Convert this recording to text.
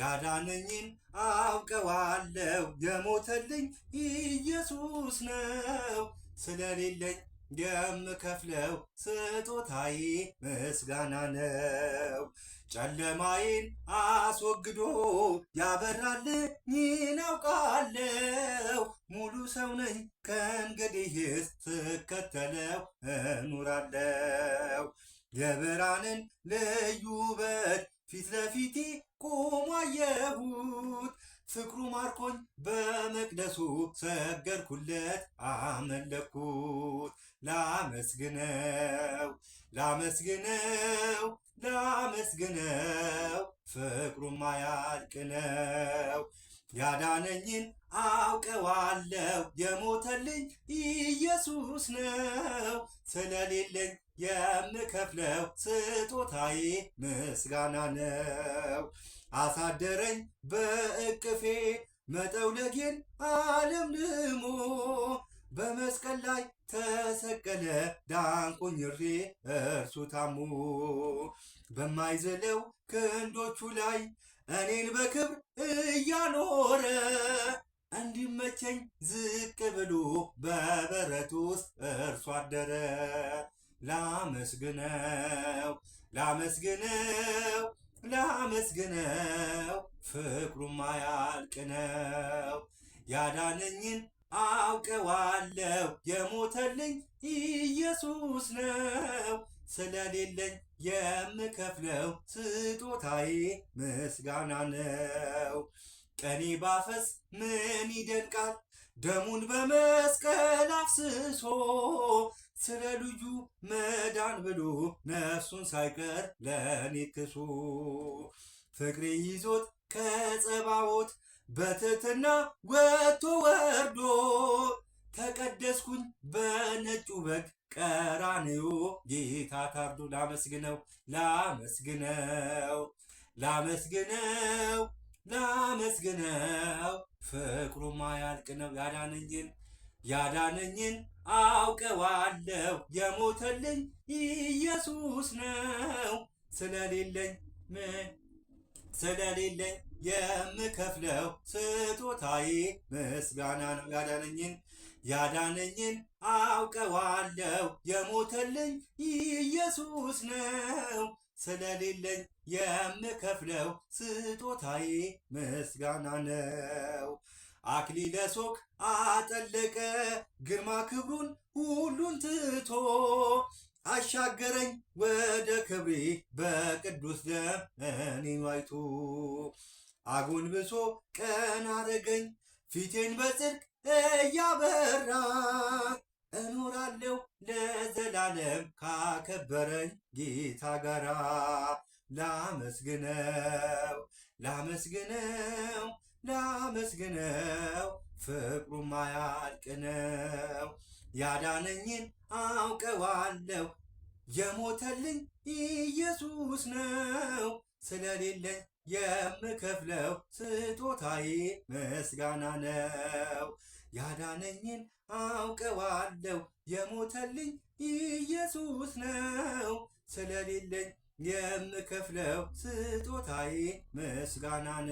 ያዳነኝን አውቀዋለሁ። የሞተልኝ ኢየሱስ ነው። ስለሌለኝ የምከፍለው ስጦታዬ ምስጋና ነው። ጨለማዬን አስወግዶ ያበራልኝ አውቃለሁ። ሙሉ ሰው ነኝ ከእንግዲህስ ስከተለው እኖራለሁ። የብርሃንን ልዩ ውበት ፊት ለፊቴ አየሁት ፍቅሩ ማርኮኝ በመቅደሱ ሰገርኩለት አመለኩት ላመስግነው ላመስግነው ላመስግነው ፍቅሩ ማያልቅ ያዳነኝን አውቀዋለሁ የሞተልኝ ኢየሱስ ነው። ስለሌለኝ የምከፍለው ስጦታዬ ምስጋና ነው። አሳደረኝ በእቅፌ መጠውለጌን ዓለም በመስቀል ላይ ተሰቀለ ዳንቆኝሬ እርሱ ታሞ በማይዘለው ክንዶቹ ላይ እኔን በክብር እያኖረ ቢመቸኝ ዝቅ ብሎ በበረት ውስጥ እርሶ አደረ። ላመስግነው ላመስግነው ላመስግነው ፍቅሩም ማያልቅ ነው። ያዳነኝን አውቀዋለው የሞተልኝ ኢየሱስ ነው። ስለሌለኝ የምከፍለው ስጦታዬ ምስጋና ነው። ጠኔ ባፈስ ምን ይደንቃል? ደሙን በመስቀል አፍስሶ ስለ ልጁ መዳን ብሎ ነፍሱን ሳይቀር ለኔ ክሶ ፍቅሬ ይዞት ከጸባዖት በትትና ወጥቶ ወርዶ ተቀደስኩኝ በነጩ በግ ቀራንዮ ጌታ ታርዶ ላመስግነው ላመስግነው ላመስግነው ላመስግነው ፍቅሩ ማያልቅ ነው። ያዳነኝን ያዳነኝን አውቀዋለሁ የሞተልኝ ኢየሱስ ነው። ስለሌለኝ ስለሌለኝ የምከፍለው ስጦታዬ ምስጋና ነው። ያዳነኝን ያዳነኝን አውቀዋለሁ የሞተልኝ ኢየሱስ ነው። ስለሌለኝ የምከፍለው ስጦታዬ ምስጋና ነው። አክሊለ ሦክ አጠለቀ ግርማ ክብሩን ሁሉን ትቶ አሻገረኝ ወደ ክብሬ በቅዱስ ደም እኔን ዋጅቶ አጎንብሶ ቀን አረገኝ ፊቴን በጽድቅ እያበራ እኖራለሁ ለዘላለም ካከበረኝ ጌታ ጋራ ላመስግነው ላመስግነው ላመስግነው ፍቅሩ ማያልቅ ነው። ያዳነኝን አውቀዋለሁ የሞተልኝ ኢየሱስ ነው ስለሌለኝ የምከፍለው ስጦታዬ ምስጋና ነው። ያዳነኝን አውቀዋለሁ የሞተልኝ ኢየሱስ ነው። ስለሌለኝ የምከፍለው ስጦታዬ ምስጋና ነው።